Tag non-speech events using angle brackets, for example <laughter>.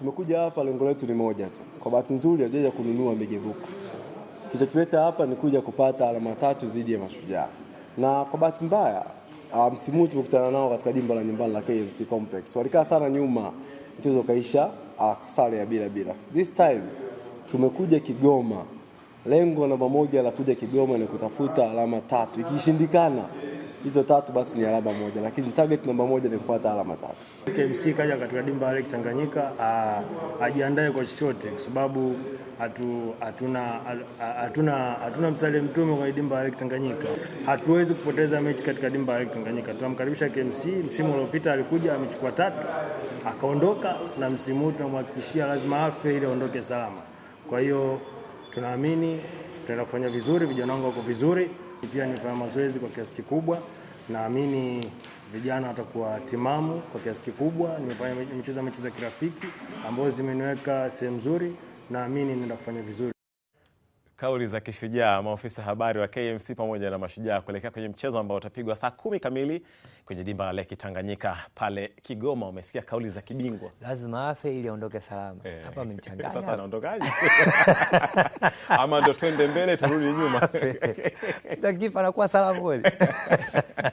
Tumekuja hapa, lengo letu ni moja tu. Kwa bahati nzuri hatujaja kununua migebuka, kichokileta hapa ni kuja kupata alama tatu dhidi ya Mashujaa, na kwa bahati mbaya ah, msimu huu tumekutana nao katika dimba la nyumbani la KMC Complex. Walikaa sana nyuma, mchezo ukaisha uh, sare ya bila bila. This time tumekuja Kigoma, lengo namba moja la kuja Kigoma ni kutafuta alama tatu, ikishindikana hizo tatu basi ni alama moja, lakini target namba moja ni kupata alama tatu. KMC kaja katika dimba la Tanganyika ajiandae kwa chochote, kwa sababu hatuna msali mtume kwenye dimba la Tanganyika. Hatuwezi kupoteza mechi katika dimba la Tanganyika. Tunamkaribisha KMC. Msimu uliopita alikuja amechukua tatu akaondoka, na msimu huu tunamhakikishia lazima afe ili aondoke salama. Kwa hiyo tunaamini tutaenda kufanya vizuri, vijana wangu wako vizuri, pia nimefanya mazoezi kwa kiasi kikubwa, naamini vijana watakuwa timamu kwa kiasi kikubwa. Nimefanya nimecheza mechi za kirafiki ambazo zimeniweka sehemu nzuri, naamini nenda kufanya vizuri. Kauli za kishujaa maofisa habari wa KMC pamoja na mashujaa kuelekea kwenye mchezo ambao utapigwa saa kumi kamili kwenye dimba la Lake Tanganyika pale Kigoma. Umesikia kauli za kibingwa, lazima afe ili aondoke salama. Eh. Hapa amemchanganya <laughs> sasa, anaondokaje? <laughs> ama ndo twende mbele turudi nyuma. Golikipa <laughs> anakuwa salama kweli. <laughs>